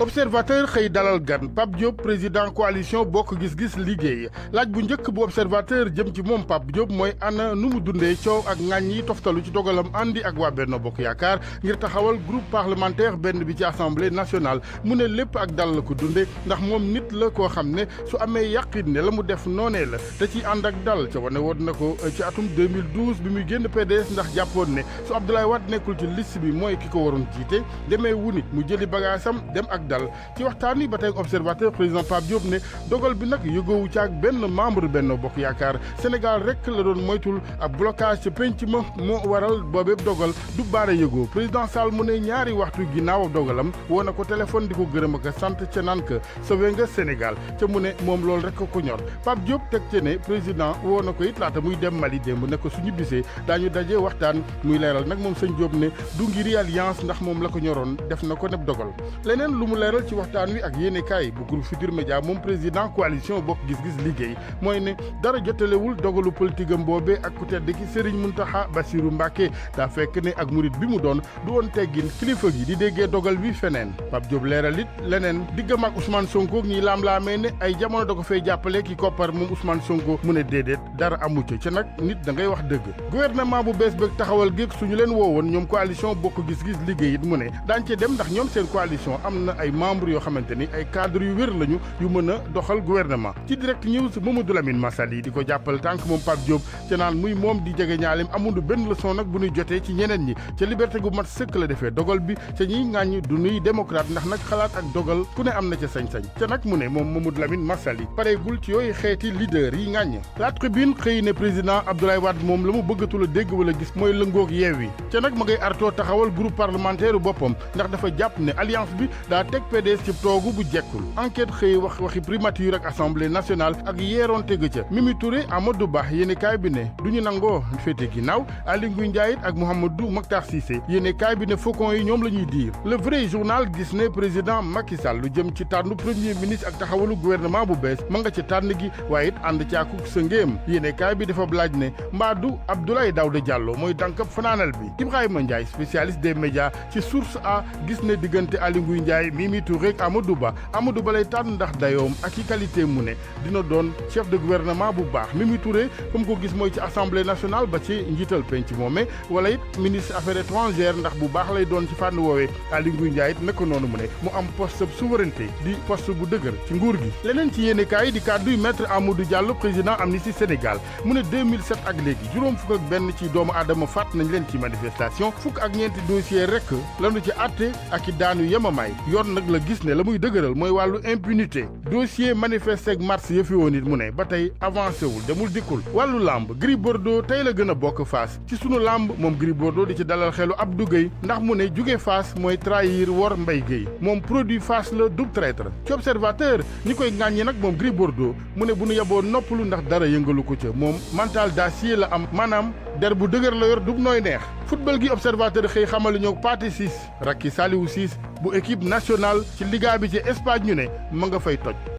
observateur xëy dalal gan Pape Diop président coalition bokk gis-gis liggéey laaj bu njëkk bu observateur jëm ci moom Pape Diop mooy ana nu mu dundee coow ak ŋàññ yi toftalu ci dogalam àndi ak waa Benno Bokk Yaakaar ngir taxawal groupe parlementaire benn bi ci assemblée nationale mu ne lépp ak dal la ko dunde ndax moom nit la koo xam ne su amee yàqin ne la mu def noonee la te ci ànd ak dal ca wane woon na ko euh, ci atum 2012 bi muy génn PDS ndax jàppoon ne su Abdoulaye Wade nekkul ci liste bi mooy ki ko waroon jiite demee wuni mu jëli bagaasam dem ak dal ci waxtaan wi ba tey observateur président Pape Diop ne dogal bi nag yëgoowu ci ak benn membre benn bokk yaakaar Sénégal rek la doon moytul ab blocage ca penc ma moo waral boobépp dogal du baara yëgoo président Sall mu ne ñaari waxtu ginnaaw dogalam woo na ko téléphone di ko gërëm ak sant ca naan ka sauvé nga Sénégal ca mu ne moom loolu rek ko ñor Pape Diop teg ci ne président woo na ko it laata muy dem Mali mu ne ko ñibbisee bisee daañu daje waxtaan muy leeral nag moom sëñ Diop ne du ngir alliance ndax moom la ko ñoroon def na ko neb dogal leeral ci waxtaan wi ak yéenekaay bu groupe Futur Média moom président coalition bokk gis-gis liggéey mooy ne dara jotalewul dogalu politique am boobee ak ku tedd ki Serigne Mountakha Bassirou Mbacké daa fekk ne ak murit bi mu doon du woon teggin gi di déggee dogal bi feneen Pape Diop leeral it leneen diggam ak Ousmane Sonko ñiy laam-laamee ne ay jamono ko fay jàppale ki koppar moom Ousmane Sonko mu ne déedéet dara amu ca ca nag nit da ngay wax dëgg gouvernement bu bees bëgg taxawal géeg suñu leen woowoon ñoom coalition bokk gis-gis liggéey it ne daan ci dem ndax ñoom seen coalition am na ay ay membres yoo xamante ni ay cadres yu wér lañu yu mën a doxal gouvernement ci direct news Mamadou Lamine Massaly di ko jàppal tànk moom Pape Diop ca naan muy moom di jege ñaaleem amul benn leçon nag bu ñuy jotee ci ñeneen ñi ca liberté gu mat sëkk la defee dogal bi ca ñiy ŋàññ du nuy démocrate ndax nag xalaat ak dogal ku ne am na ca sañ-sañ ca nag mu ne moom Mamadou Lamine Massaly pareegul ci yooyu xeeti leader yi ŋàññ la tribune xëy ne président Abdoulaye Wade moom la mu a dégg wala gis yi ca nag ma ngay artoo taxawal groupe ne teg PDS ci toogu bu jekkul enquête xëy wax waxi primature ak assemblée nationale ak yeeroon tëgg ca Mimi Touré Amadou Ba yéene kaay bi ne du ñu nangoo féete ginnaaw Aly Ngouille Ndiaye it ak Mouhamadou Makhtar Cissé yéene bi ne faucon yi ñoom la ñuy diir le vrai journal gis ne président Macky Sall lu jëm ci tànnu premier ministre ak taxawalu gouvernement bu bees ma nga ci tànn gi waaye it ànd caakuk sa ngéem yéene bi dafa laaj ne mbaadu du Daouda Diallo mooy dànkab fanaanal bi Ibrahima Ndiaye spécialiste des médias ci source a gis ne diggante Mimi Touré ak Amadou Ba Amadou Ba lay tànn ndax dayoom ak i qualité mu ne dina doon chef de gouvernement bu baax Mimi Touré comme ko gis mooy ci assemblée nationale ba ci njiital penc moome wala it ministre affaires étrangères ndax bu baax lay doon ci fànn woowee Aly Ngouille Ndiaye it naka noonu mu ne mu am poste souveraineté di poste bu dëgër ci nguur gi leneen ci yéene kaay di kàdduy maître Amadou Diallo président Amnesty Sénégal mu ne 2007 ak léegi juróom fukk ak benn ci doomu aadama faat nañ leen ci manifestation fukk ak ñeenti dossier rek lanu ci àtte ak i daanu yemamaay yoon nag la gis ne la muy dëgëral mooy wàllu impunité dossier manifeste ak mars yëfi woon it mu ne ba tey avancé wul demul dikkul wàllu làmb Gris Bordeaux tey la gën a bokk fas ci sunu làmb moom Gris Bordeaux di ci dalal xelu ab Gueye ndax mu ne jóge Fass mooy trahir wor Mbaye Gueye moom produit Fass la dub traître ci observateur ñi koy ŋàññi nag moom Gris Bordeaux mu ne bu ñu yeboon noppalu ndax dara yëngalu ko ca moom mental d'acier la am maanaam der bu dëgër la yor dug nooy neex football gi observateur xëy xamali ñoo Pathé Ciss rakki Saliou Ciss bu équipe nationale ci liga bi ci Espagne ñu ne ma nga fay toj